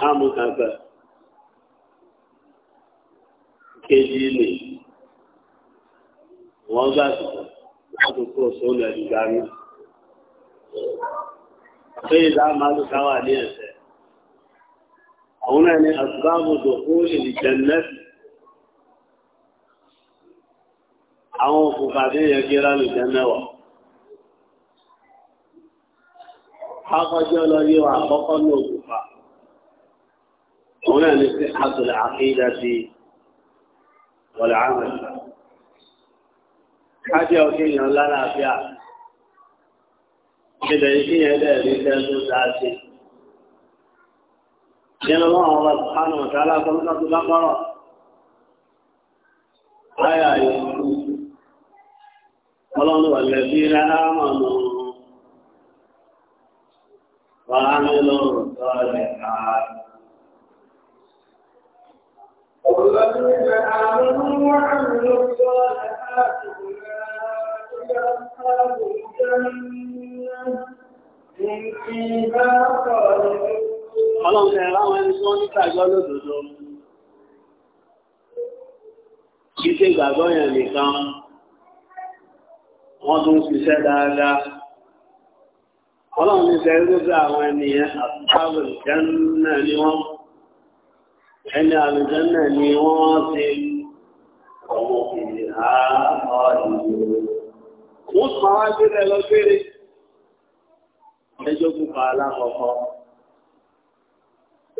كام أبا كجيني وغاز نحن كوصولة لجانا فإذا ما هنا أن أسباب دخول الجنة أو فقادين يجيرا الجنة حقا جلالي وحقا نوبي هنا لصحة العقيدة والعمل حاجة وكين لا لا فيها كده يكين هذا رسالة تاسي لأن الله الله سبحانه وتعالى صلى الله عليه وسلم آية قالوا والذين آمنوا وعملوا الصالحات والذين آمنوا وعملوا الصالحات أولئك أصحاب الجنة هم فيها خالدون Ọlọ́run ẹ̀rọ àwọn ẹni tó ń nígbàgbọ́ lódòdó. Kìí ṣe ìgbàgbọ́ yẹn nìkan, wọ́n tún ṣiṣẹ́ dáadáa. ní ṣe ẹgbẹ́ àwọn ènìyàn àti tábìlì jẹ́ náà ni wọ́n ẹni àlùjànnà ni wọ́n ṣe ọmọ òkèèrè àárọ̀ ìlú. Wọ́n sọ wá sílẹ̀ lọ gbére. Ẹjọ́ pupa alákọ̀ọ́kọ́.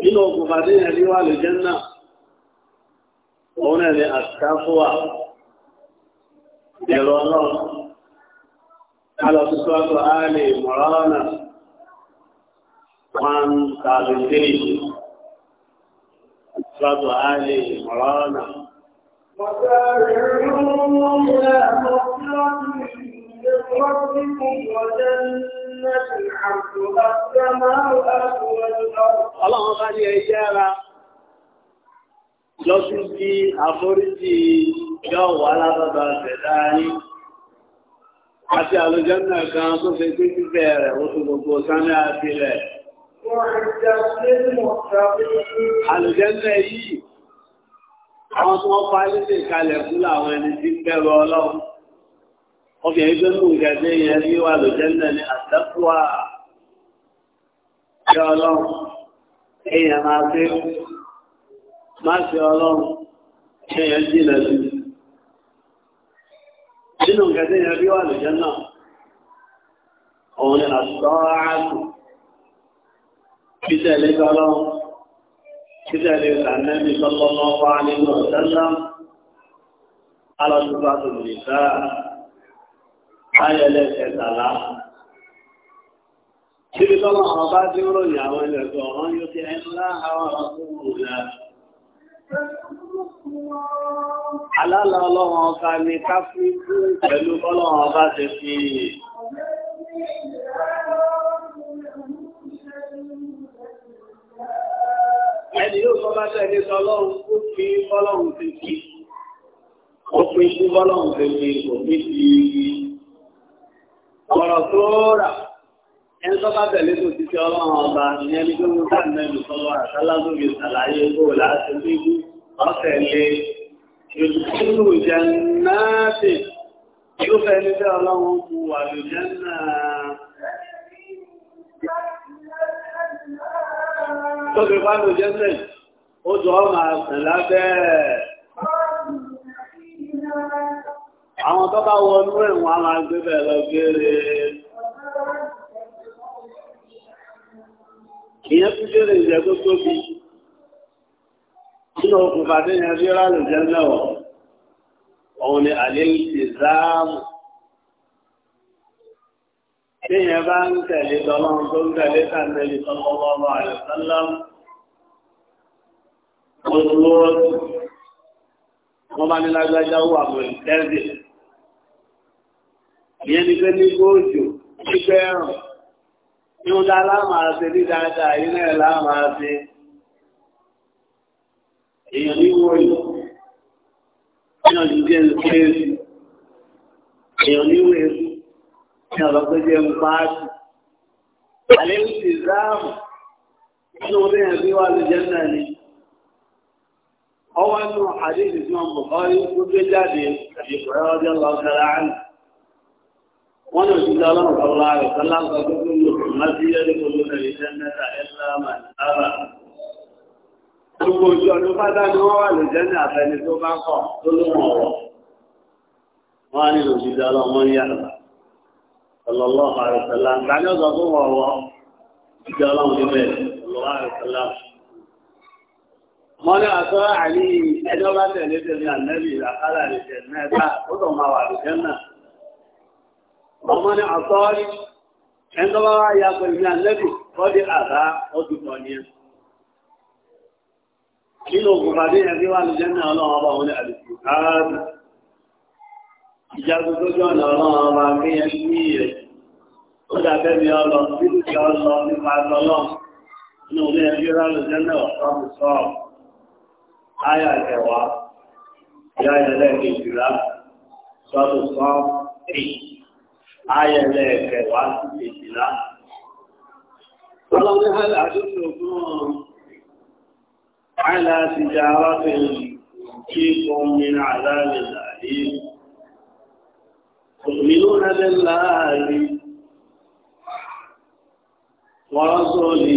Nínú òkùnfà tí yẹn ní wà àlùjànnà, òun náà ni àtàkùwà ẹ̀rọ ọlọ́run. Kálọ̀ سورة آل عمران وسارعوا إلى مغفرة من ربكم وجنة عرضها السماوات والأرض اللهم صل يا lọ́sùn bí àforíjì yọ wà látọ̀dọ̀ ṣẹ̀dá yín àti àlùjànnà kan tó fẹ́ pé fífẹ́ rẹ̀ ó tó gbogbo sáná àti rẹ̀. Àlùjẹ́lẹ̀ yìí, àwọn tí wọ́n fa ilé ìkalẹ̀ fún àwọn ẹni tí ń bẹ̀rọ ọlọ́run. Ọbẹ̀ ìgbẹ́ mú ìgbẹ̀dẹ́ yẹn ní wà lùjẹ́lẹ̀ ni àtẹ́kùwà ṣe ọlọ́run. Èèyàn máa fi máa ṣe ọlọ́run, èèyàn jìnà títẹ̀lé tọ́lọ́ títẹ̀lé tànẹ́bí tọ́lọ́lọ́ wá nínú ọ̀sẹ́lá alọ́dúnbá tó lè dá ayẹlẹ́ kẹtàlá Ibi tọ́lọ̀ àwọn bá tí ó ròyìn àwọn ẹlẹ́gbẹ̀ ọ̀rán yóò ti ẹnlá àwọn ọ̀rọ̀ Alálà ọlọ́run ọba ni ká fún pẹ̀lú ọlọ́run ọba ti fi ẹni yóò sọ bá tẹ̀lé sọ lọ́run ó fi bọ́lọ́run ti kí ó fi sí bọ́lọ́run ti kí kò ní ti ọ̀rọ̀ tó rà ẹni tó bá tẹ̀lé tó ti ṣe ọlọ́run ọba ìyẹn ní gbogbo táàmì mú wà tóbi pálọ̀ jẹ́sẹ̀ ó jọ ọ́ máa sẹ̀ lábẹ́ àwọn tó bá wọnú ẹ̀wọ̀n a máa gbé bẹ̀ lọ gẹ́rẹ́ ìyẹn tún gẹ́rẹ́ ìjẹ́ tó tóbi nínú okùnfà tí yẹn fi rálù jẹ́ mẹ́wọ̀ òun ni àlè ti záàmù tí yẹn bá ń tẹ̀lé tọ́lọ́run tó ń tẹ̀lé tàbí tọ́lọ́lọ́lọ́ àyọ̀sọ́lọ́mù tó dúró rọ́ọ̀tù wọ́n bá ní lágbájá wà mọ̀ ìtẹ́sì ìyẹn ni pé ní gbòòjò pípẹ́ ẹ̀rùn ní wọ́n dá láàmàá ṣe ní dáadáa yìí náà láàmàá ṣe èèyàn ní wọ́ọ̀lù èèyàn ní jẹ́ ìṣẹ́ẹ̀sì èèyàn ní wẹ̀ẹ́sì ní ọ̀rọ̀ pé jẹ́ ń àlẹ́ ń sì záàmù nínú bí wà lójẹ́ náà ni. هو أنه حديث اسمه البخاري كل الجادي أبي هريرة رضي الله تعالى عنه وأنا رسول الله صلى الله عليه وسلم فكل مسجد يدخلون الجنة إلا من أبى gbogbo ojú ọdún pátá ni wọ́n wà lè jẹ́ ní àfẹni tó bá kọ̀ tó ló mọ̀ ọ̀rọ̀ wọ́n á nílò jíjẹ ọlọ́mọ ń yàrá ọlọ́lọ́ àrẹ̀sẹ̀lá ń ta ní ọ̀sán tó wọ̀ ọ̀rọ̀ jíjẹ ọlọ́mọ níbẹ̀ ọlọ́wọ́ àrẹ̀sẹ̀lá mọ́lẹ́ àtọ́ àní ẹjọ́ bá tẹ̀lé tẹ̀lé ànẹ́bì àkàlà lè tẹ̀lé mẹ́ta ó tó máa wà lùjẹ́ náà mọ́lẹ́ àtọ́ rí ẹjọ́ bá wá ya pẹ̀lú ànẹ́bì kọ́dé àbá ọdún kan ní ẹ. nínú ògùn bàbí ẹbí wà lùjẹ́ náà ọlọ́run ọba òun ní àlùkù káàdì ìjagun tó jọ ọ̀nà ọlọ́run ọba ní ìrẹ̀ ó dàbẹ́ mi ọlọ nínú ìjọ ọlọ nípa ọlọ́run nínú ilé ẹbí rà lùjẹ́ náà ọ̀pọ̀ áyà ẹ̀wà yá ẹlẹ́ẹ̀kejìlá sọ́tò sán èyí áyà ẹlẹ́ẹ̀kẹwà sí kejìlá. Ọlọ́run ní hálà àdúgbò fún àìlà àtijọ́ arábìnrin kí fún mi ní àdáàlè láàyè. Òmìnú rẹ̀ láàárín ورسوله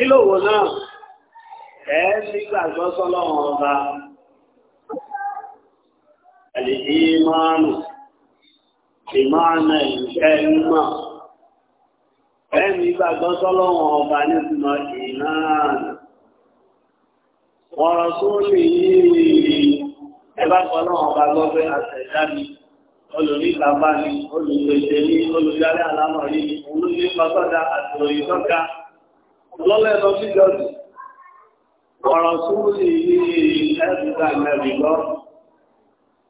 kí ló wò náà ẹ nígbàgbọ́ sọ́lọ́run ọba àlèyé márùn ìmọ̀ràn ìṣẹ́ mímọ̀ ẹ nígbàgbọ́ sọ́lọ́run ọba nígbìmọ̀ ìnáàrùn wọ́n sórí yìí ẹ bá fọlọ́run ọba gbọ́ pé àṣẹ̀dá mi olùríkàbá mi olùgbèsè mi olùdarí àlámọ̀rí mi lọ́lẹ̀ lọ sí jọ́sí ọ̀rọ̀ súnmùsì yìí ẹ̀ẹ́dà mẹ́rin lọ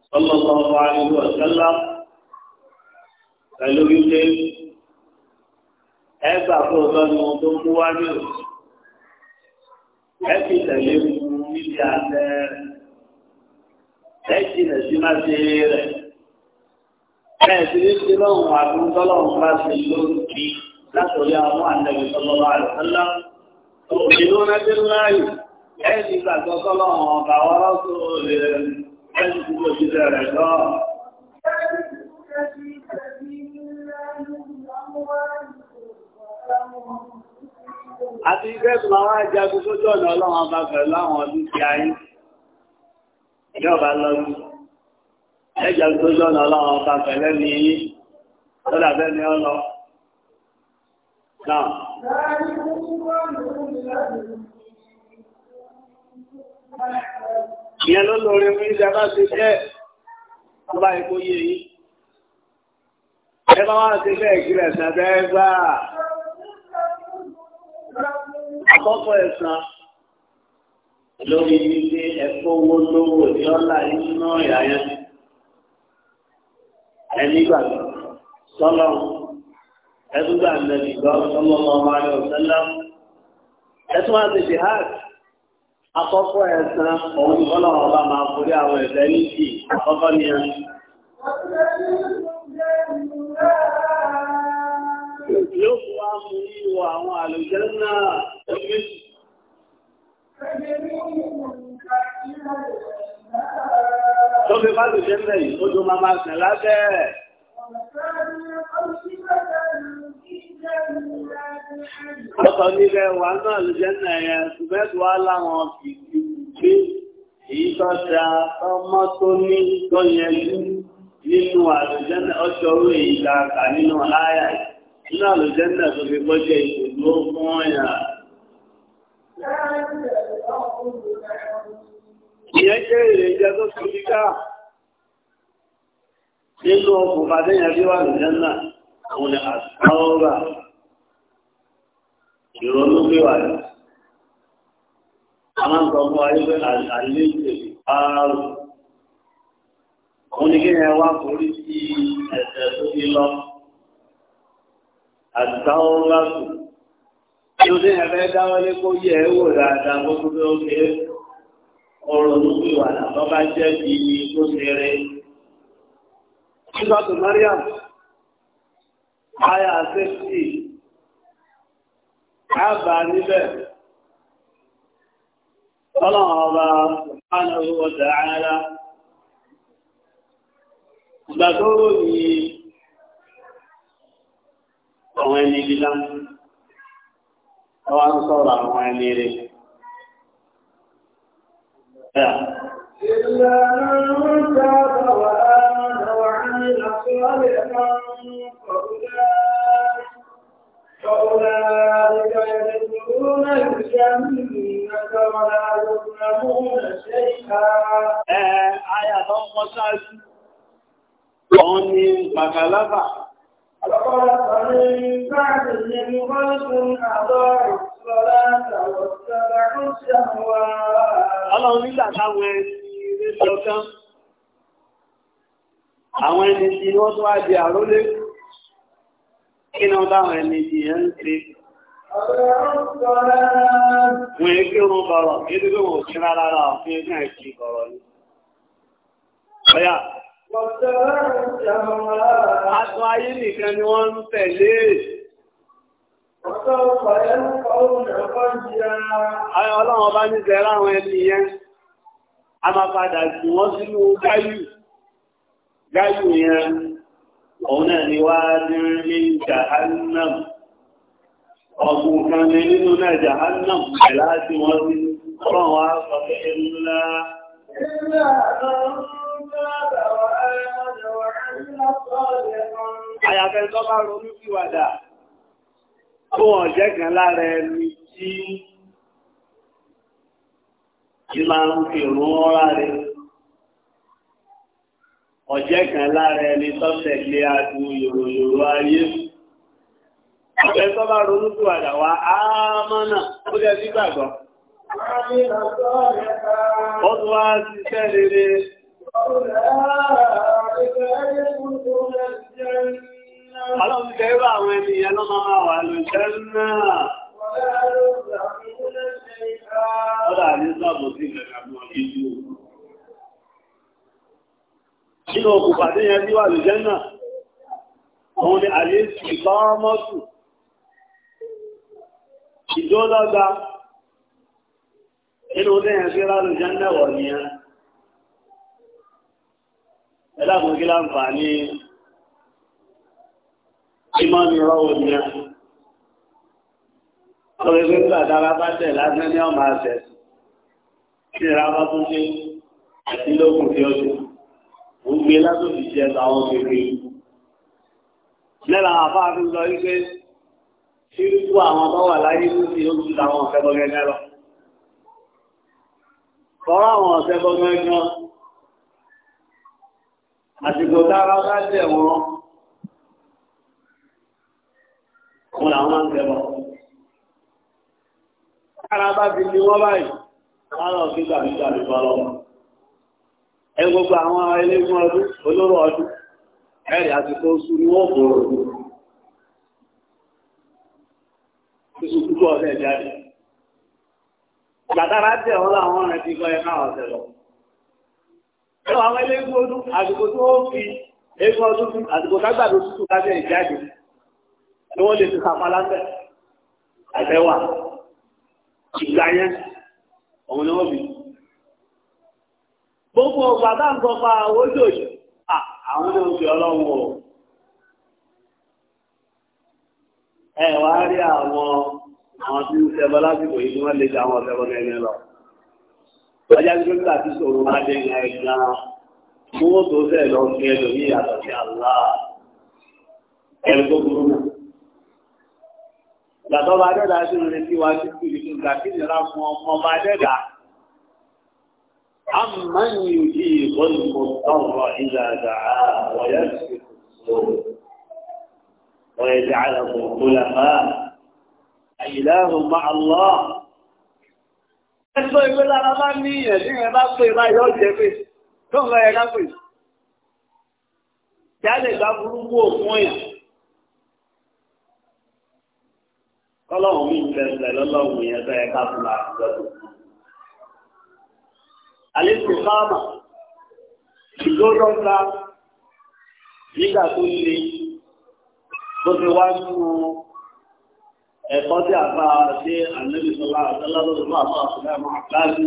sọlọ́lọ́wọ́ àìlú ọ̀sẹ́lá pẹ̀lú wípé ẹgbà fún ọlọ́ni wọn tó kú wá ní òsì ẹ fi tẹ̀lé fún níbi àtẹ ẹ jìnà sí má ṣe rẹ̀ ẹ sì ní sí lọ́hùn àdúgbò bá ṣe lórí kìí látòrí àwọn àndẹ̀bí sọlọ́lá àlùsọ́lá òmìnira dínláyì ẹ̀ẹ́dì gbàgbọ́ sọlọ́run ọba wọ́rọ́ tó lè ẹ̀ẹ́dì gbogbo òṣìṣẹ́ rẹ̀ lọ. àti iṣẹ́ tó máa wá jagun sójú ọ̀nà ọlọ́run ọba pẹ̀lú àwọn ọdún ti ayé ìjọba lọ́dún ẹ̀jagun sójú ọ̀nà ọlọ́run ọba pẹ̀lú ẹni yìí tó dàbẹ́ ni ọ lọ náà. ìyẹn ló lórí fún iṣẹ́ bá ti jẹ́ ọba ìkó yé yìí ẹ bá wá sí bẹ́ẹ̀ kí lẹ̀ sàn bẹ́ẹ̀ gbà àkọ́kọ́ ẹ̀sán lórí wípé ẹ̀kọ́ owó lówó ní ọ̀la inú náà yà yẹn sọ́lọ́run ẹdúgbò ànàbì lọ́wọ́ ọmọ àlẹ́ ọ̀sẹ́lá ẹtún wá ti jihad akọ́kọ́ ẹ̀sán òun ni bọ́lá ọba máa forí àwọn ẹ̀sẹ̀ níjì àkọ́kọ́ ni ẹ. yóò fún wa mú ìwọ àwọn àlùjẹ́ náà ẹgbẹ́ tó fi bá lùjẹ́ mẹ́yìn ojú máa máa sẹ̀ lábẹ́ ẹ̀. Ọ̀tọ̀ nílẹ̀ wà náà ló jẹ́ náà yẹn, ṣùgbẹ́tù wá láwọn fìdí pé èyí ọmọ tó ní tó yẹn nínú àlùjẹ́nà ọjọ́ orí èyí dáadáa nínú ààyà nínú àlùjẹ́nà tó fi gbọ́jẹ́ ìṣòro fún ọ̀yà. Ìyẹn jẹ́ ìrìnjẹ tó fi ká nínú ọkùnrin àdéyàn bí àlùjẹ́nà àwọn ni àtàwọ̀rà ìrònú gbé wà ní. a máa ń sọ fún ayé pé àlè ìṣèlú ààrùn òun ni kí ni ẹ wá forí sí ẹ̀sẹ̀ tó ti lọ àtàwọ̀rà sùn tí o ní ẹ̀fẹ́ dáwọ́lé kó yẹ ẹ wò dáadáa kó tó bí ó ké ọ̀rọ̀ ló fi wà lọ́ba jẹ́ bí kó ṣeré. Nígbà tó Mariam Aya sẹ́fì àbà níbẹ̀. Ọlọ́run ọba subhanahu wa ta'ala. Ìgbà tó ròyìn àwọn ẹni lílá. Ọwá ń sọ̀rọ̀ àwọn ẹni rẹ̀. Ìlànà ń sábà wà صالحا فأولئك فأولئك يدخلون الجنة ولا يظلمون شيئا. آية ضمت Òun ni Bàkàlábà. Ọ̀pọ̀lọpọ̀ ọ̀rẹ́ nígbà tí ní wọ́n tún àdọ́rùn Ọlọ́run nígbà táwọn ẹni ilé lọ àwọn ẹni tí wọ́n tó wá di àrólé kí náà táwọn ẹni tí yẹn ń ṣe wọ́n yẹ kí wọ́n bọ̀rọ̀ kí ní bí wọ́n ṣe rárá rà fún ẹgbẹ́ ẹ̀kí bọ̀rọ̀ ni ọ̀yà Àtún ayé nìkan ni wọ́n ń tẹ̀lé. Ọ̀tọ́ ọ̀pàá ẹ̀rọ ọ̀rùn ẹ̀kọ́ jìra. Ayọ̀ ọlọ́run gáyù yẹn òun náà ni wá dín ní jahannam ọ̀gùn kan ní nínú náà jahannam ẹ̀ láti wọ́n sí ọ̀rọ̀ wọn á sọ pé ńlá Àyàfẹ́ tó bá ronú ìwàdà tó wọ̀n jẹ́ kan lára ẹni tí ìmá ń fi rẹ̀ ọ̀jẹ́ kan lára ẹni tọ́tẹ̀ lé adùn yòròyòrò ayé. Ọ̀pẹ tó bá ronú tó àdà wá ámọ́nà ó jẹ́ sí gbàgbọ́. Ó tún wá ṣiṣẹ́ rere. Ọlọ́run ti tẹ́rù àwọn ènìyàn ló máa wà lóṣẹ́ náà. Ọlọ́run ti tẹ́rù àwọn ènìyàn ló nínú òkùnfà tí yẹn tí wà lè jẹ́ náà òun ni àyè sì bá mọ́tù ìjọ́lọ́gba nínú tẹ́yẹn sí rárú jẹ́ náà wọ̀ nìyẹn ẹlẹ́kùn kí láǹfààní ìmọ̀ ni rọ́wọ́ nìyẹn ọ̀rẹ́ pé bá tẹ̀ lásán ní ọmọ àṣẹ kí ni bá tún ṣe àti lókùn tí ó ṣe ó gbé látòkì jẹ táwọn kékeré lẹ́la àfa fi sọ wípé ṣírúkú àwọn tó wà láyé tó ti ó ti táwọn ọ̀sẹ̀ bọ́ gẹ́gẹ́ lọ kọ́ra àwọn ọ̀sẹ̀ bọ́ gẹ́gẹ́ àsìkò tára bá jẹ̀ wọn wọn làwọn ń tẹ̀ bọ̀ kára bá fi ni wọ́n báyìí kára ọ̀gbìn lọ́wọ́ ẹ gbogbo àwọn eléégún ọdún olóró ọdún ẹ̀rì àsìkò oṣù ni wọ́n bòrò oṣù púpọ̀ ọ̀sẹ̀ jáde gbàtàrà tẹ̀ ọ́ làwọn ọ̀rẹ́ ti kọ́ ẹ náà ọ̀sẹ̀ lọ. ẹ wọ àwọn eléégún ọdún àsìkò tó fi eégún ọdún fún àsìkò tágbàdo tútù kájẹ ìjáde ni wọ́n lè ti sàpá lábẹ́ àtẹ̀wà ìgbà yẹn òun ni wọ́n fi gbogbo ọgbà tá à ń sọ pa àwọn ojú òyìn àwọn oúnjẹ ọlọ́run o ẹ wá rí àwọn àwọn tí ń ṣẹbọ lásìkò yìí ni wọ́n lè jà àwọn ọ̀ṣẹbọ ẹni lọ ọjà tí dókítà ti sọ̀rọ̀ máa dé ìlà ìlà owó tó fẹ́ lọ fi ẹlòmíì yàtọ̀ sí àlá ẹ̀rù tó burú náà gbàtọ́ bá dẹ́dà sí ìrìn tí wàá ti kú ìlú gbà kí nira fún ọmọ bá dẹ́dà. عمن يجيب المضطر إذا دعاه ويكشف الصور ويجعله خلفاء إله مع الله Ẹgbẹ́ ìwé lára bá ní ẹ̀sìn ẹ̀ bá pè bá yọ jẹ pé tó lọ ẹ̀dá pè. Kí a lè gba burúkú òfin èèyàn. Kọ́lọ́hùn mi ń bẹ̀rẹ̀ lọ́lọ́hùn yẹn bẹ́ẹ̀ ká fún àtijọ́ tó kù àlẹ́sìkáàmà ìlọ́dọ́gba nígbà tó le tó ti wá nínú ẹ̀kọ́ tí a bá ṣe àlẹ́bìsọ́lá àtàlálọ́dọ́ fún àpá àfúnná àmọ́ àkláàbí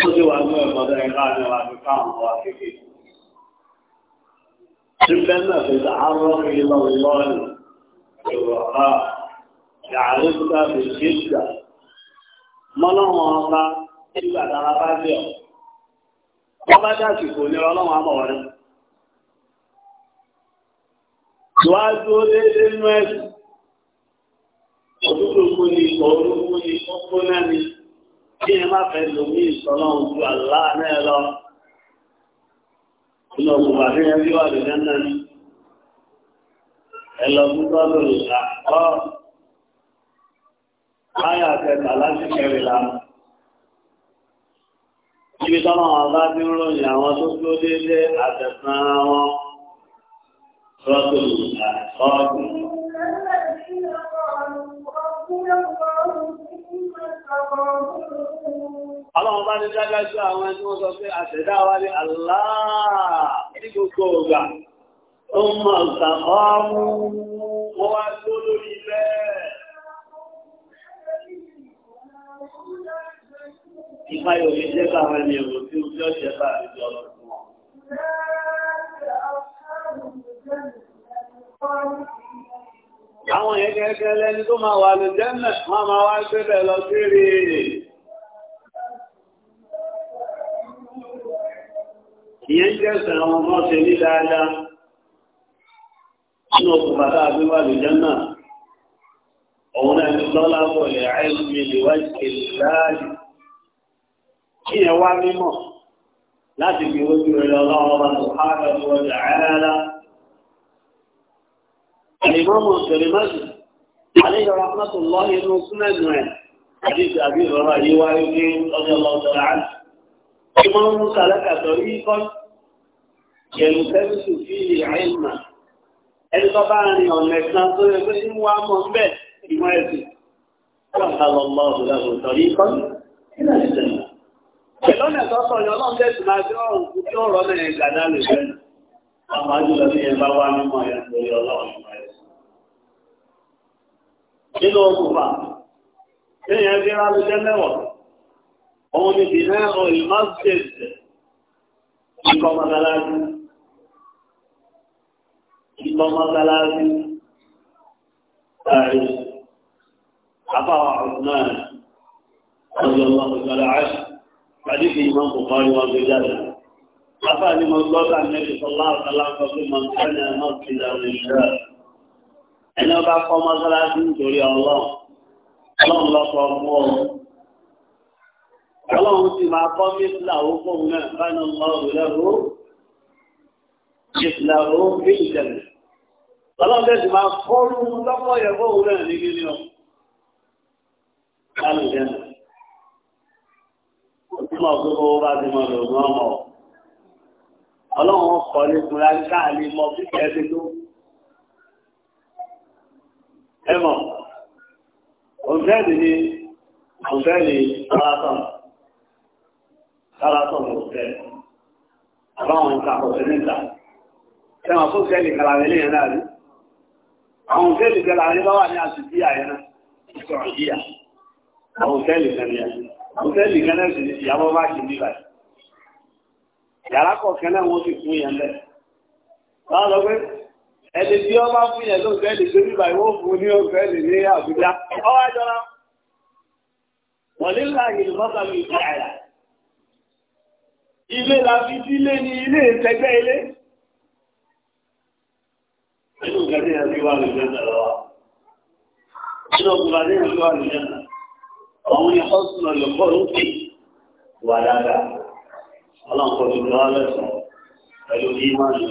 tó ti wà nínú ẹ̀kọ́ tó ẹ̀ka àti wà ní káwọn wà kékeré. Síbẹ̀nà fi sàárọ̀ ìlọ ìlọrin ìrọ̀lá yàrá ìgbà fi ṣíṣà mọ́lọ́wọ́n ọba nígbà tára bá bẹ̀ ọ́ ọba dàsì kò ní ọlọ́wọ́n àmọ̀ rẹ̀. Ìwájú déédéé nú ẹ̀sìn òdúdó kú ni òru kú ni kókó náà ni kí ẹ má fẹ́ lòmí ìsọlọ́run ju àlá náà lọ. Ìlọ òkùnkùn àfihàn bí wà lójá náà ni. Ẹ lọ fún tọ́lù ìlà láyà àtẹta láti kẹrìnlá níbi tọ́nà ọ̀la tí ń ròyìn àwọn tó tó déédé àtẹ̀sán wọn rọ́tòlù àtọ́jú. Ọlọ́run bá ní dájájú àwọn ẹni wọ́n sọ pé àtẹ̀dá wa ní àláà ní gbogbo ọ̀gá. Ó mọ̀ ọ̀sán ọmú wọ́n wá tó lórí bẹ́ẹ̀. ìfá yóò fi jẹ́ káwọn ẹni èrò tí ó fi ọ̀ṣẹ́ bá àríjọ lọ fún Àwọn yẹn lẹ́ni tó máa wà lè jẹ́mẹ̀, wọ́n máa wá gbébẹ̀ lọ sí rí. Ìyẹn jẹ́ sẹ̀rọ wọn lè jẹ́mẹ̀, òun náà kí ẹ wá mímọ̀ láti fi ojú rẹ̀ ọlọ́run ọba sùhánà ní ọjà àárá. Àlìmọ́mù Ẹni tó bá rìn ọ̀nà ẹ̀sán tó yẹ pé ń wá ẹ̀sìn. lọ Ìlọ́nà tọ́sọ̀ yọ lọ́n tẹ́sì máa jọ òkú tí ó rọ́ mẹ́rin gàdá lè fẹ́. Àwọn àjùlọ ní ẹ̀bá wá mímọ̀ ẹ̀ lórí ọlọ́run ìmọ̀ ẹ̀. Nínú okùnfà, èèyàn bí rá lójẹ́ mẹ́wọ̀, òun ni bìnà òyìn máa ń tẹ̀sì ikọ̀ mọ́sálásí. Ikọ̀ mọ́sálásí. Ààrẹ, àbáwọ̀ ọ̀gbọ́n náà, ọjọ́ ọlọ́run ìgbàlá àṣà. حديث الإمام البخاري وغيره أفعل من قال النبي صلى الله عليه وسلم من كان مسجدا لله أنا بقى مثلا تقول الله الله لا تقوم الله في ما قام مثله قوم كان الله له مثله في الجنة الله ده ما قوم لما يقول لنا نجينا قالوا جنة túmọ̀ pé kó bá ti mọ lògùn ọmọ ọlọ́run kọ́ ní kúra káàlì mọ bí kẹ́ẹ́sì tó ẹ mọ̀ òǹfẹ́ẹ̀lì ni òǹfẹ́ẹ̀lì kárátọ̀n kárátọ̀n òǹfẹ́ẹ̀lì àbáwọn nǹkan àkọsẹ̀ níta sẹ́wọ̀n fún fẹ́ẹ̀lì kàlàmì ní ẹ̀rọ àrí àwọn fẹ́ẹ̀lì kàlàmì bá wà ní àtúntì àyẹ̀nà ìsọ̀rọ̀ àwọn fẹ́ẹ̀lì kàlàmì hòtẹ́ẹ̀lì kan náà sì ní ìyàwó bá kì í níbà yàrá kọ̀ọ̀kan náà wọ́n sì fún yẹn lẹ̀ wọ́n lọ pé ẹni tí wọ́n bá fún yẹn ló fẹ́ lè gbé níbà ìwọ́n fún ní ọ̀fẹ́ lè ní Àbújá ọwọ́ àjọra wọ̀lé ńlá yìí lọ́sà mi ìgbà àyà ilé la fi sílé ní ilé ìtẹ́gbẹ́ ilé nínú ìgbà yẹn fi wà lójú ẹ̀ lọ́wọ́ nínú ìgbà yẹn fi wà lójú ẹ̀ òun ni ọ̀sùn ọ̀lọ́kọ̀ ń pè wà dáadáa ọlọ́run kò tún lọ́wọ́ lẹ́sùn pẹ̀lú ìmáàlú.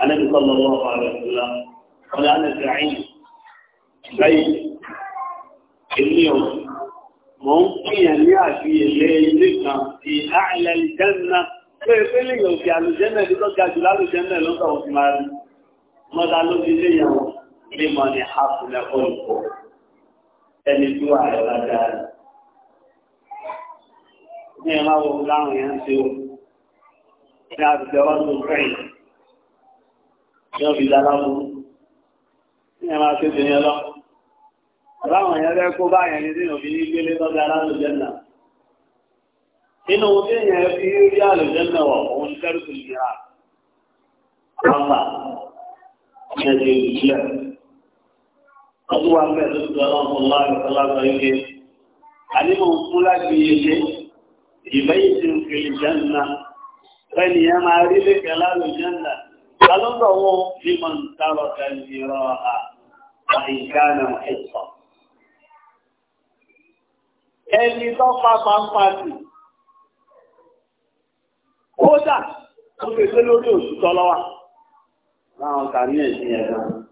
Ànábì sọ́lọ́ lọ́wọ́ ààrẹ ìlà ọ̀lá ànẹ́sì àyìn lẹ́yìn èmi ò mọ̀ ń pìyàn ní àfihàn ilé kan ti àìlẹ̀ ìjẹ́nà pé ìpínlẹ̀ òkè àlùjẹ́nà ní lọ́jà jù lálùjẹ́nà lọ́sọ̀ òfin máa rí. Mọ́ta ló fi léyàwó lé mọ́ ni a kò ẹni tí wà lọ́la dáadáa. Ní ẹ̀ máa wo láwọn yẹn ń ṣe o. Ní àbùdá wọn tó fẹ̀yìn. Ní ọ̀bìdá láwọn. Ní ẹ̀ máa ṣe obìnrin lọ. Láwọn yẹn fẹ́ kó báyẹn ní sínú òbí ní gbélé lọ́dọ̀ alálùjẹ́ náà. Nínú ohun tí èèyàn fi rí àlùjẹ́ náà wọ̀, òun kẹ́rù kò ní Wọ́n fà. Ọ̀sẹ̀ ti òjì lẹ̀ ọdún wa fẹ́ tó tó ọlọ́run ọlọ́run ọlọ́run yìí ànímọ̀ fún láti ilé ìbẹ́yìí ti ń fi ìjẹ́nà fẹ́ni ẹ máa rí lẹ́kẹ̀ láàrín ìjẹ́nà alọ́dọ̀ wọn ní mọ̀ ń tààrọ̀ kẹ́lìrọ̀ àìkánà ẹ̀sọ̀ ẹni tó pápá pàtì kódà ó fẹ́ lórí òṣìṣọ́ lọ́wọ́ láwọn kàmí ẹ̀sìn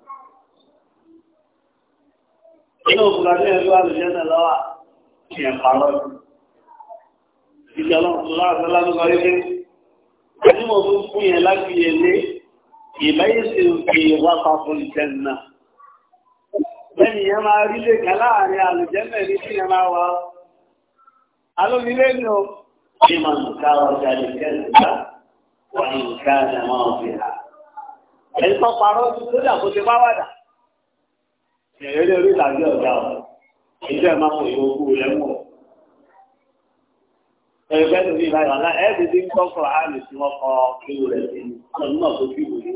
nínú òkúradé ẹ̀rọ àlùjẹ́nà lọ́wà ní ẹ̀pàrọ̀ ìjọ lọ́wọ́ lọ́wọ́ wípé onímọ̀ tó fún yẹn láti yẹlé ìbáyé sì ń fi wá papọ̀ ìjẹ́nà lẹ́nu yẹn máa rí lè kẹ́ láàrin àlùjẹ́nà ní sí yẹn máa wá alóbílẹ̀ ni ó ní màá nǹka ọjà lè kẹ́lẹ́ta wà nǹka àjàmọ́ ọ̀fìà ẹ̀ńtọ́ parọ́ tó dà kó ti bá wàdà ẹ̀rẹ́ orí ìtàgé ọ̀gá ọ̀ máa mọ ìwọ kú lẹ́wọ̀n ẹ̀rẹ́ tó ní ìbáyọ̀ ọ̀la ẹ̀ ti ń kọ́kọ́ àmì tí wọ́n kọ́ kíló rẹ̀ sí ọ̀nà náà tó kíwò ní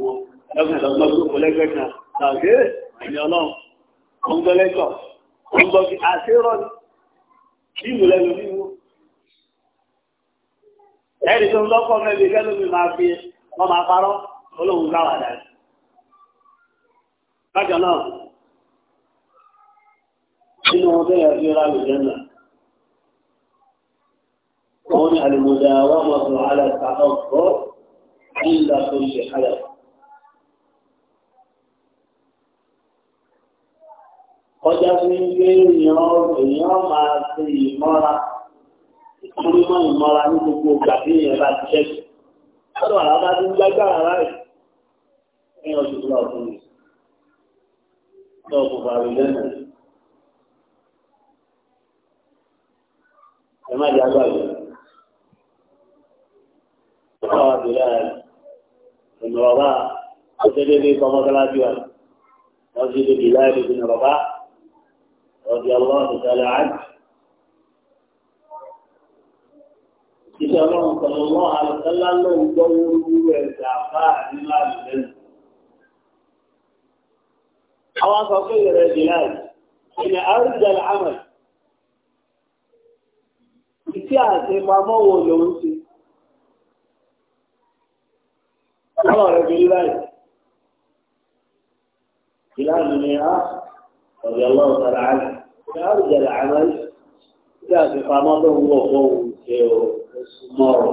máa fi wọ́n máa parọ́ olóhùn láwàdà. bákan náà إنه وضيع في راب الجنة هنا المداومة على التحضر عند كل حدث ọjà tí ń gbé èèyàn máa ṣe ìmọ́ra ìtúrímọ́ ìmọ́ra ní gbogbo ìgbà tí èèyàn bá ti ṣẹ́kù lọ́dọ̀ àlábá tí ń gbágbára láì ní ọdún tó wà fún mi lọ́ọ̀kùnfà rẹ̀ lẹ́nu كما جاء قال بلال بن رباح وسجد في طبق الأجوال مسجد بلال بن رباح رضي الله تعالى عنه إذا الله صلى الله عليه وسلم لو دوروا الزعفاء بما بذل حواس بلال إن أرد العمل iṣẹ́ àṣepamọ́ wo ló ń ṣe. Báwọn rẹ̀ fi rí báyìí. Ìlànà ni a ọ̀dọ̀ ọlọ́run tara àlè. Ṣé a rìjà là àmọ́ iṣẹ́ àṣepamọ́ tó ń wọ̀ fún òun ṣe o oṣù mọ́rọ̀.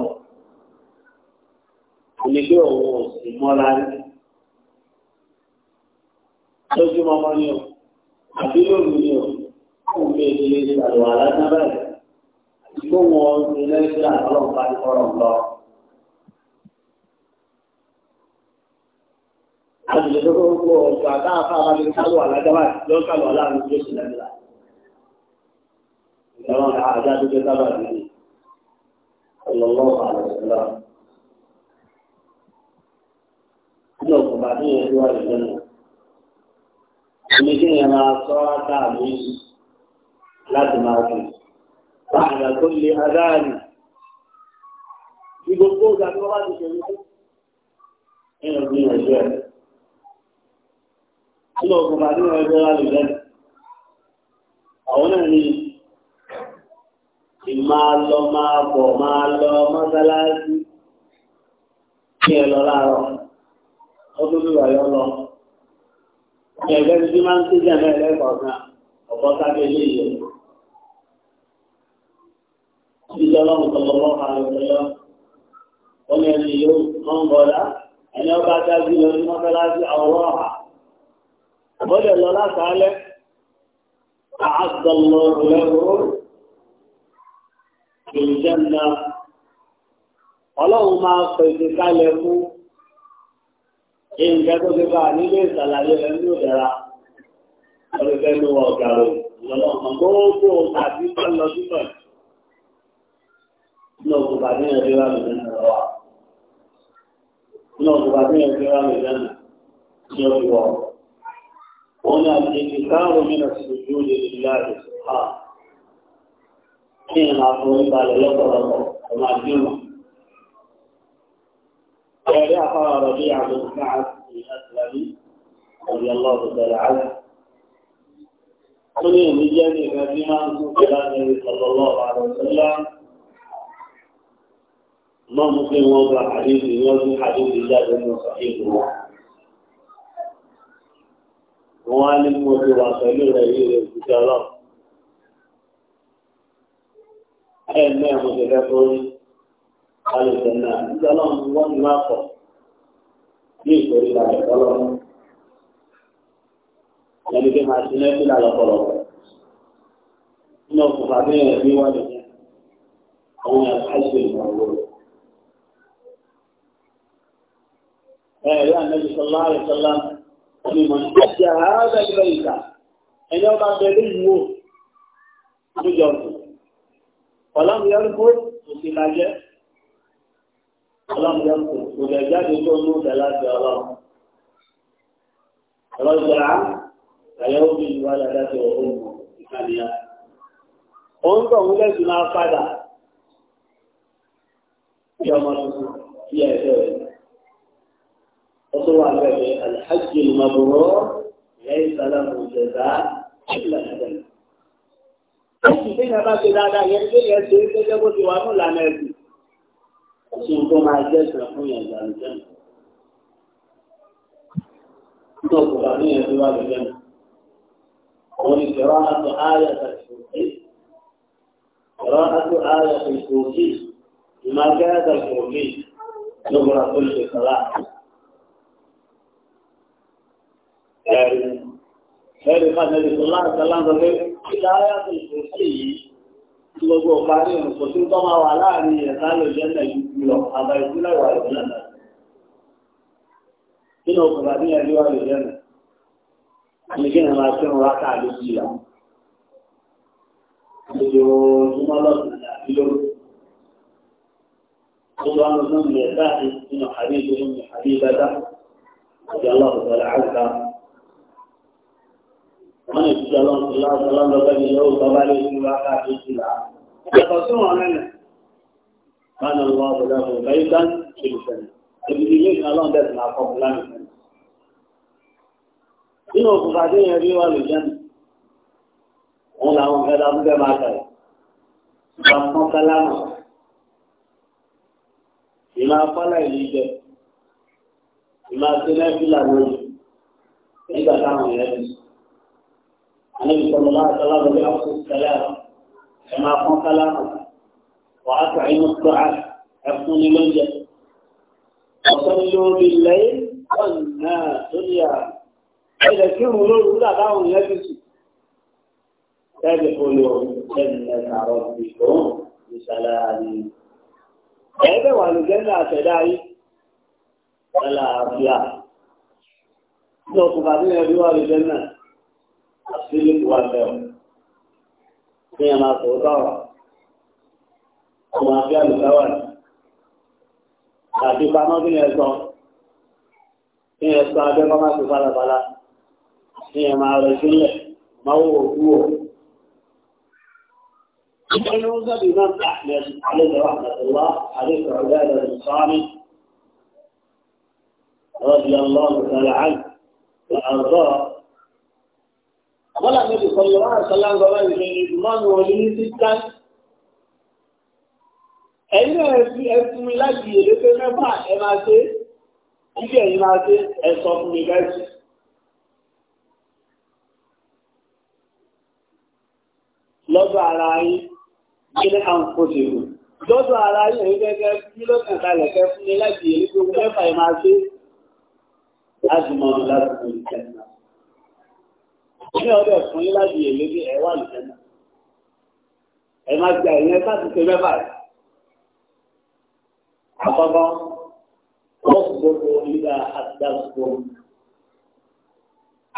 Onígbé òun ò sì mọ́ láyé. Lójúmọ́mọ́ ni o, àbí lóru ni o, òun lè ṣe àlọ́ àlágbá báyìí. tó wọn ní lẹ́yìn àtọ́lọ́mù bá ní ọ̀rọ̀ lọ. Àjùlẹ̀ tó kọ́ kó ọ̀gbà táà fà tó sì Ìjọba àjá tó sábà Ọlọ́lọ́ náà. Omi kí ni a máa láti máa ààrẹ tó lè adáàrí ìgbòkó ọjà tí wọ́n bá ti ṣe rí ẹ̀yàn bí ẹ̀ṣẹ́ ẹ̀ nínú ọkùnrin àti ìwọ̀n ẹgbẹ́ rà lè lẹ́nu àwọn náà ní ìmáa lọ máa bọ̀ máa lọ mọ́sálásí kí ẹ lọ láàárọ̀ ọdún ló wà yọ lọ ẹgbẹ́ tí máa ń tẹ́jà náà lẹ́kọ̀ọ́ kan ọ̀pọ̀ sábẹ́ ilé ìyẹ̀wò òjíṣẹ́ ọlọ́run tọ̀lọ́mọ́ àlùfẹ́lọ́ wọn ni ẹni yóò máa ń bọ̀dá ẹni ọba dájú lọ sí mọ́tálásí àwòrán ọ̀hà àbọ̀dẹ̀ lọ látàálẹ̀ àádọ́lọ́ lẹ́rú òjíṣẹ́ náà ọlọ́run máa pèsè kálẹ̀ fún ìǹkẹ́ tó ti bá nílé ìsàlàyé rẹ̀ ní òdàrà ọ̀rẹ́fẹ́ ló wọ ọ̀gá rẹ̀ lọ́lọ́run gbogbo àti sọ́lọ́ sípẹ̀ náà kò bá dín ẹgbẹ́ wà lónìí náà wà náà kò bá dín ẹgbẹ́ wà lónìí náà tí ó fi wọ̀ wọn ni àti ètò káàrọ̀ mìíràn sì lójú ó lè rí láàyè ha kí n máa fún ipa lọ lọ́pọ̀lọpọ̀ ọmọ àti ìmọ̀ ẹ̀rí àfárá rẹ̀ bí àbọ̀ káà sí àtìláyé ọ̀dí ọlọ́ọ̀dọ̀ tẹ̀lé àgbà ó ní ìmú jẹ́ ní ìfẹ́ bí máa ń tún kẹlá ní ìsọ̀lọ́lọ́ àrùn sílẹ̀ ما ممكن وضع حديث وضع حديث الله يعني انه صحيح هو وعالم وتواصل غير الكتاب أي ما متفقون قال الجنة سلام الله ناقص يشكر الله سلام يعني كما سنأتي على طلب إنه صحابين في والد أو يتحسن المرور ẹ̀rí ànábì sọlá àrẹ̀sọlá ní mọ̀ ní àti àárẹ̀ ìgbẹ́ ìgbà ẹni ọba bẹ̀rẹ̀ ìwò lójọ ọ̀dùn ọ̀làmúyárúkú òsì làjẹ́ ọlọ́mọdéwọ̀n kò lè jáde tó ń lóògbé láti ọlọ́run ọlọ́jà àyẹ̀wò bí ìwà dada ti ọ̀hún ìkànnìyà òun tó ń lẹ́sìn padà bí ọmọ tuntun bí ẹ̀ṣẹ̀ rẹ̀ وطبعا الحج المبرور ليس له جزاء الا الدم في بين بعض هذا يرجع يسوي تجربة وانو لا نرجع. سنقوم على جسم قراءة آية الكرسي قراءة آية الكرسي ما جاء الكرسي نقرأ كل صلاة ẹ̀rì máa nẹ̀lẹ̀ tó láàrín aláǹdọ̀ ìlà ayáàtò ìfòsí yìí tí gbogbo parí ìrùn kò sí tó wà láàrin ẹ̀ka lè jẹ́ nà lọ àbá ìpínlẹ̀ wà lọ lẹ́nà nínú ọkùnrin àti ẹ̀rí wà lọ lẹ́nà ọlọ́run tó láwùjọ lọ́dọ̀ ní yóò sọ bá lè fi wákà tó ti là. Yàtọ̀ sí wọn rẹ̀ báyìí lọ́wọ́ ọ̀bọ̀dá fún ọ̀bẹ̀ ìgbà ìṣèlúfẹ̀ẹ́. Èbìdì ilé ìgbà ọlọ́run bẹ̀rẹ̀ sí akọ fúlàní. Nínú òkùnfà tí yẹn rí wà lè jẹ́ wọn làwọn fẹ́ la fúnfẹ́ máa tẹ̀. Ìgbà fún kálámù. النبي صلى الله عليه وسلم بأوصي السلام كما قام كلامه وأطعم الضعف أفنوا لمن وصلوا بالليل والناس نيام إذا كانوا لولو لا دعوا يجلسوا تدخلوا جنة ربكم بسلام هذا هو الجنة تدعي ولا أفلام لو تقابلنا بوالي الجنة àṣírí kò wá bẹ́ẹ̀ o. Ní ẹ̀ máa sọ̀rọ̀ sọ̀rọ̀, ọmọ àbí àlùkáwà ni. Àti pamọ́ kí ni ẹ sọ? Kí ni ẹ sọ abẹ́ kọ́ máa fi balabala? Kí ni ẹ máa rẹ̀ sílẹ̀? Máa wò ó wò. Ìjọba ń sábì wọ́n làmì ìsọ̀lọ́ wọn àṣàlá ń gbọ́dọ̀ ìṣe ìmọ̀nù wọn ní títà. ẹ̀yin náà fi ẹfun mi láti èrè pé mẹ́fà ẹ máa ṣe kíkẹ́ ẹ̀yin máa ṣe ẹ̀sọ́ fún mi gáàsì. lọ́dọ̀ ara yín kí ni à ń kó ṣe lọ́dọ̀ ara yín èyí gẹ́gẹ́ bí lọ́kàn kalẹ̀ kẹ́ fún mi láti èrè mẹ́fà ní ọdẹ fún yín láti yè lé ní ẹwà ìjẹun ẹ má gba ìyẹn láti ṣe mẹ́fà rẹ àkọ́kọ́ wọn kò gbogbo ìdá àtìdásùkò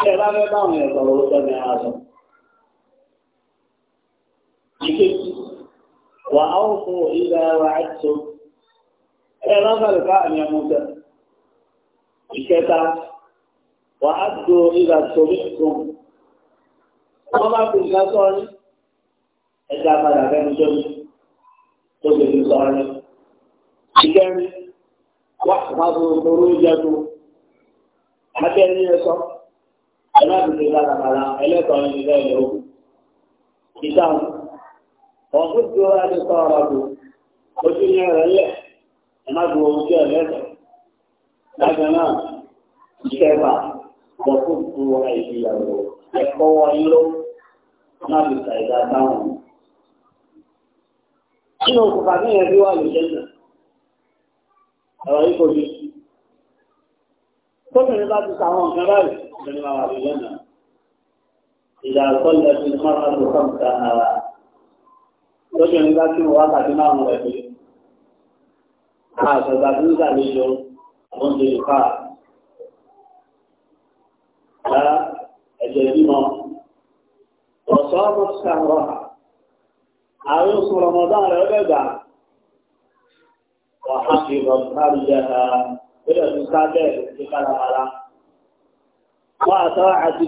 ẹ bá fẹ́ báwọn yẹn sọ̀rọ̀ ó sọmi ara ìkejì wà á ó fún ìdá wa àtìsọ ẹ bá fẹ́ ká àmì ẹmu sẹ ìkẹta wà á dùn ìdá sọmi sọmi wọ́n bá fi nǹkan sọ ní ẹja padà fẹ́ni tó ní tó fi fi sọ ní. ìkẹrin wà máa fi òkúrú jẹun abẹ́ ní ẹ̀sọ́ ẹlẹ́bùdó kàràkàrà ẹlẹ́tọ̀ọ́ ní ilé ìlú ìdáhùn ọ̀gbìn tí ó rà ní sọ̀rọ̀ bò ojú ní ẹ̀rẹ́ lẹ̀ ẹ̀ má gbọ́ ojú ẹ̀ lẹ́tọ̀ọ́ lágbẹ̀ náà ìkẹfà wọ́n fún ìfowóra ìgbéyàwó ẹ̀kọ́ wọn lọ́wọ́ má fi ta ìdá táwọn. nínú òkùnfà ní ẹbí wà lóṣẹ́ náà ọ̀rọ̀ yìí kò ní. tóbìnrin bá ti sàwọn nǹkan báyìí obìnrin máa wà lóṣẹ́ náà. ìdá àkọọ́lẹ̀ ti máa ń lò bá tó ń ṣàrọ̀hà ààrẹ oṣù ramadan ha bẹ́ẹ̀ tó sábẹ́ ti kárakára wọ́n àtọ́ àti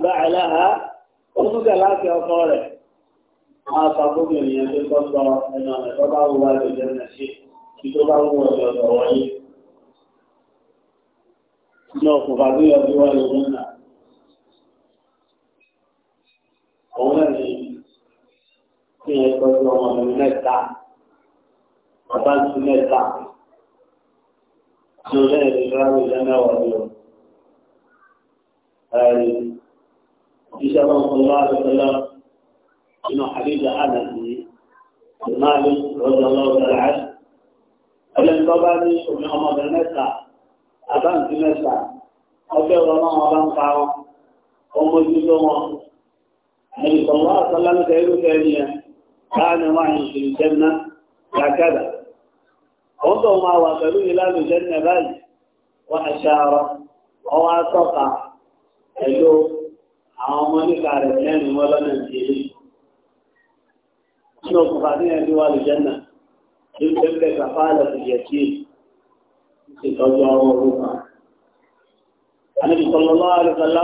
kí ẹ tọ́jú ọmọ mi mẹ́ta bàbá ju mẹ́ta tó lẹ́yìn ìgbàlódé ìjẹ́ mẹ́wàá ni o. Ẹ̀rí iṣẹ́ náà fún wa lọ́sọ̀lọ́ nínú àdéjà àdàtì ìmáàlú lọ́jọ́ lọ́wọ́ rẹ̀. Ẹlẹ́ni tó bá ní omi ọmọbìnrin mẹ́ta, àbáǹtí mẹ́ta, ọgbẹ́ wọn náà wọn bá ń pa wọn, ọmọ ojú tó wọn. Ẹ̀rí sọ̀rọ̀ àtọ́lá ń tẹ́ irú tẹ́ ẹni yẹn. káàní wà ní ìṣèlú jẹ́nà kàkàdà wọ́n tó máa wà pẹ̀lú ìlànà jẹ́nà báyìí wọ́n aṣáárọ̀ ọwọ́ atọ́ka pẹ̀lú àwọn ọmọ nípa rẹ̀ mẹ́rin wọn lọ́nà ìdílé nínú òkùnfà ní ẹni wà lùjẹ́nà ní pẹ́pẹ́ kàfáàlà tó yẹ kí ìtọ́jú ọwọ́ orúkọ. Àníbi sọ̀rọ̀ lọ́wọ́ àrùkọ́lá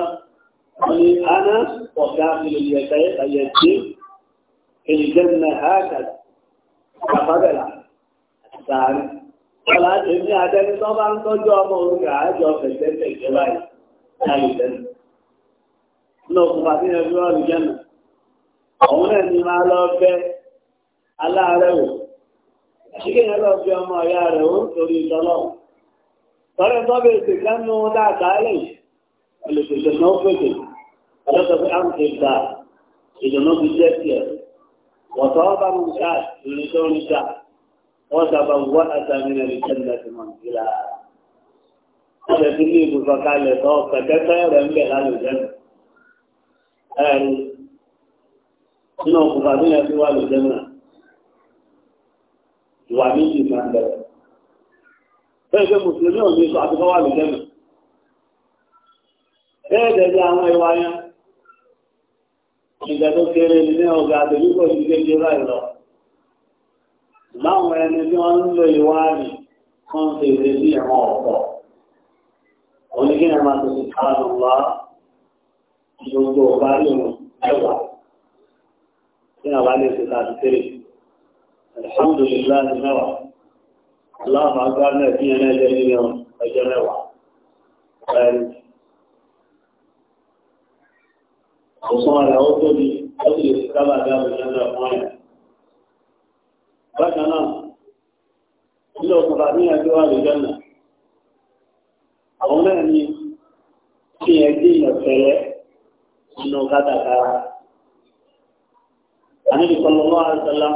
wọn ni Anna ọ̀gá àfihàn ìyẹ̀kẹ́ àyẹ̀kẹ́ الجنة هكذا فقبل الثاني ولا تبني عدم طبعا تجو أمورك عجو فتنة الجبال الجنة نقطين أجواء الجنة أولا لما لو في الله عليه ṣíkẹ́ yẹn lọ fi ọmọ ọ̀yá rẹ̀ ó torí ìtọ́lọ́ tọ́rẹ tọ́bẹ̀ èsì kánú dáadáalẹ̀ olùsèṣẹ̀ náà fèsì ọlọ́sọ̀ fún àǹtẹ̀ta ìdùnnú fi jẹ́ tiẹ̀ وطاب موسى لنسونك وتبوأت من الجنة منزلا هذا تلي بفقال طاب فكثر من أهل الجنة أهل إنه قفادين في أهل الجنة وعميتي في أهل الجنة فإذا مسلمين يسعد قوال الجنة هذا جاء ما يوعيان ìgbà tó kéré ní ọgbà àtẹ̀lú pọ̀ sí kéde báyìí lọ. Báwọn ẹni tí wọ́n ń lo ìwárì kan ṣe lè ní ẹ̀wọ̀n ọ̀pọ̀. Oníkíni máa tó ti káàdù wá gbogbo ọba lòun ẹwà. Kí àwa lè ṣe láti tẹ̀lé. Alhamdulilayi mẹ́wàá. Aláàbò agbára náà fi ẹ̀rẹ́ ẹ̀jẹ̀ nínú ẹjọ́ mẹ́wàá. Ẹ̀rù ọ̀sán ara ó tóbi ó sì lè sábà dáàbò lọ́dọ̀ fún àyà. Bákan náà, ilé ọkùnrin àníyànjú wà lè jọ́nà. Àwọn náà ni kí ẹ dé ìyànfẹ́lẹ́ nínú kátàkárà. Àníbi kọlọ lọ́wọ́ àṣẹlá,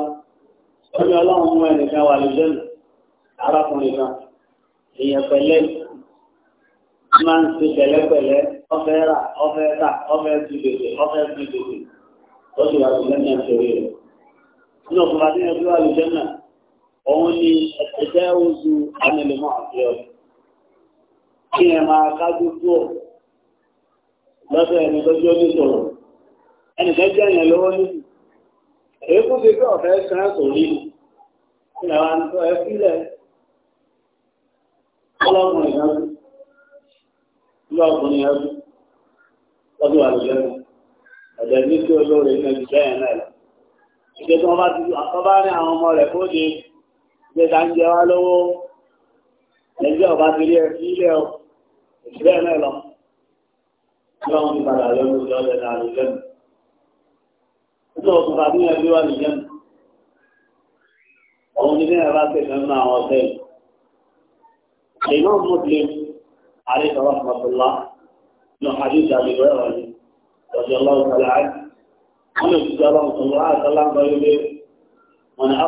ó ní ọlọ́run mú ẹnìkan wà lè jọ́nà, arákùnrin kan, ìyànfẹ́lẹ́ yìí máa ń ṣe pẹ̀lẹ́pẹ̀lẹ́ ọfẹ́ rà ọfẹ́ tà ọfẹ́ tu gbèsè ọfẹ́ tu gbèsè ó sì wà lùjẹ́nà torí rẹ̀. nínú ọ̀pọ̀ àti ẹgbẹ́ wà lùjẹ́nà òun ni ẹ̀jẹ̀ oṣù amẹlẹmọ́ àfihàn kí ẹ máa kájú kúọ̀ lọ́sẹ̀ ẹni tọ́jú ó ní sọ̀rọ̀ ẹnì kan jẹ́ ìyẹn lọ́wọ́ ní èyí kú fi pé ọ̀fẹ́ sàn kò ìlànà ẹ sílẹ̀ ọlọ́run ìdájú nígbà ọkùnrin yẹn lọ́dún àlùjẹ́ ẹ̀jẹ̀ ní kí ń jẹ wá lọ́wọ́ ẹ̀jẹ̀ ọba ti rí ẹ̀sìn ilẹ̀ ọ̀ ìṣẹ̀lẹ̀ lọ. ọlọ́run ti padà lọ́dún ìjọ ọ̀lẹ̀ náà àlùjẹ́ mi. ní ẹgbẹ́ wà nìyẹn òun ni ní ẹ̀rọ bá عليه رحمة الله من حديث أبي هريرة رضي الله تعالى عنه قال الله صلى الله عليه وسلم من